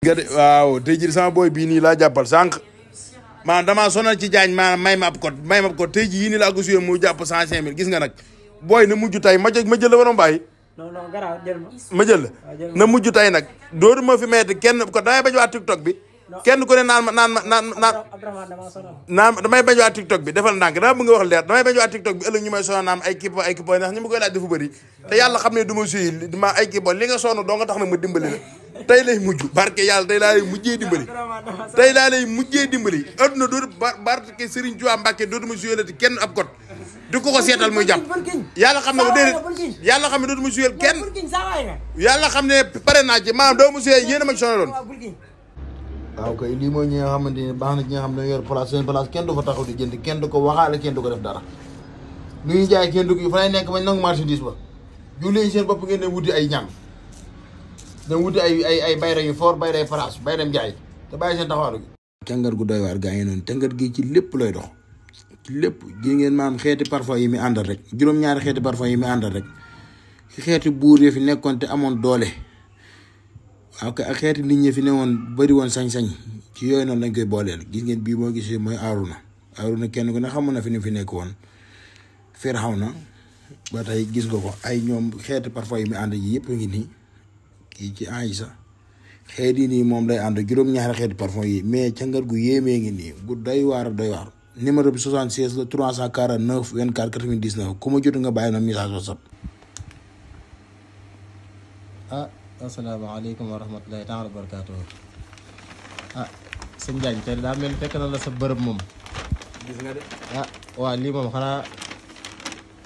nga de waaw booy bii nii laa jàppal sànq maanaam damaa sonal ci jaañ maanaam may ma ab code may ma ab code tey jii yii nii laa suyee mu jàpp cent cinq mille gis nga nag booy na mujj tay ma jël jël la waroon bàyyi. non non ma. jël la ah, na mujj tay nag dootu ma fi metti kenn ko damay bañ waa TikTok bi. kenn ku ne naan ma naan ma naan naan. naan damay bañ waa defal ndànk nga wax leer damay bañ waa TikTok bi ëllëg ñu may naam ay kipo ay kipo ndax ñu koy laaj dafa bëri te yàlla xam ne du ma suy ma ay kipo li nga sonn doo nga tax na ma dimbali la tey lay mujj barke yàlla tey laa lay mujjee dimbali tey laa lay mujjee dimbali adduna dootu barke Serigne Touba Mbacke dootuma suyeel ati kenn ab kot di ko ko seetal muy jàpp yàlla xam ne ko déedéet yàlla xam ne dootuma kenn yàlla xam ne pare naa ci maanaam doo ma suyee yéen a ma sonaloon waaw kay lii mooy ñi xam xamante ni baax na ñi nga xam ne yor place seen place kenn du fa taxaw di jënd kenn du ko waxaale kenn du ko def dara lu ñuy jaay kenn du ko fa lay nekk bañ nangu marchandise ba julli seen bopp ngeen ne ay ñam dama wuti ay ay ay yu fort bayra yu France bayra Njaay te bàyyi seen taxawaaru gi. càngar gu doy waar gaa yi noonu càngar gi ci lépp lay dox ci lépp ji ngeen maam xeeti parfum yi mu àndal rek juróom-ñaari xeeti parfum yi mu àndal rek xeeti buur yi fi nekkoon te amoon doole waaw ak xeeti nit ñi fi ne woon bëri woon sañ-sañ ci yooyu noonu lañ koy booleel gis ngeen bii moo gisee mooy aaruna aaruna kenn ku ne xamoon na fi ne fi nekk woon na ba tey gis nga ko ay ñoom xeeti parfum yi mu ànd yi yëpp ngi nii. kii ci Aïssa xeet yi nii moom lay ànd juróom-ñaari xeet parfum yi mais cangat gu yéemee ngi nii gu doy waar doy waar numéro bi 76 la 349 24 99 ku ma jot nga bàyyi na message whatsapp ah asalaamaaleykum wa rahmatulahi taala wa barakaatu ah sëñ Diagne tey daa mel fekk na la sa bërëb moom gis nga de ah waa lii moom xanaa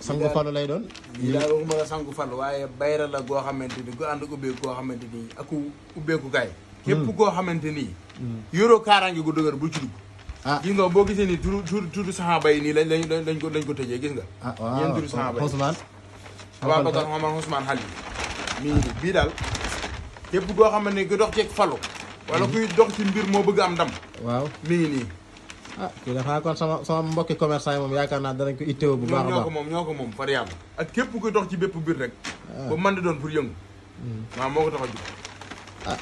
sangu iya. fallu lay doon bilaay waxuma la sangu fallu waye bayra la go xamanteni go gu ànd ubbeeku goo aku ni ak ubbeeku gaay képp goo xamante ni hmm. hmm. yoroo gu dëgër bu ci dug ah gis nga boo ni turu turu turu saxaaba yi ni lañ lañ lañ ko lañ ko teje gis nga ah waaw yéen turu saxaaba yi Ousmane Ababacar Omar Ousmane Xali mi bi dal kep go xamanteni ni dox ci falu wala hmm. kuy dox ci mbir mo bëgg am ndam waaw mi ni ah kii dafa kon sama sama mbokki commerçant yi moom yaakaar naa danañ ko itteewu bu baax a baax ñoo ko moom ko moom far yàlla ak képp kuy dox ci bépp biir rek ah. ba man di doon pour yëngu hmm. waaw a jóg ah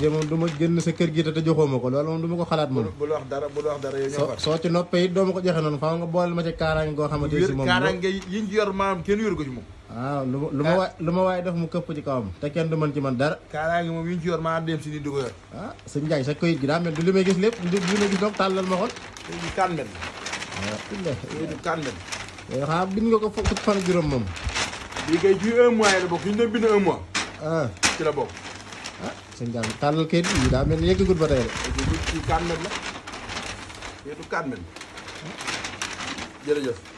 moom du ma génn sa kër gi te joxoo ma ko loolu moom ma ko xalaat moom bul wax dara dara yow ñoo far soo ci noppee it doo ma ko joxe noonu ma ci kaaraange goo xamante ne si moom kaaraange yi ñu yor maanaam kenn yor ko ah, ah. lu ma waay lu ma waaye def mu këpp ci kawam te kenn du mën ci man dara kaaraange moom yi ñu ci yor maanaam dem si nii du ko yor ah sëñ Ndiaye sa këyit gi daa mel du li may gis lépp du li may gis donc tàllal ma léegi kan men léegi kan men yow xaa bind nga ko fukki fan juróom moom lii kay ci un la bokk ñu ne bind un mois ah ci bokk ah sëñ Diallo daa mel ni yëggagul ba la kayitu kan men jërëjëf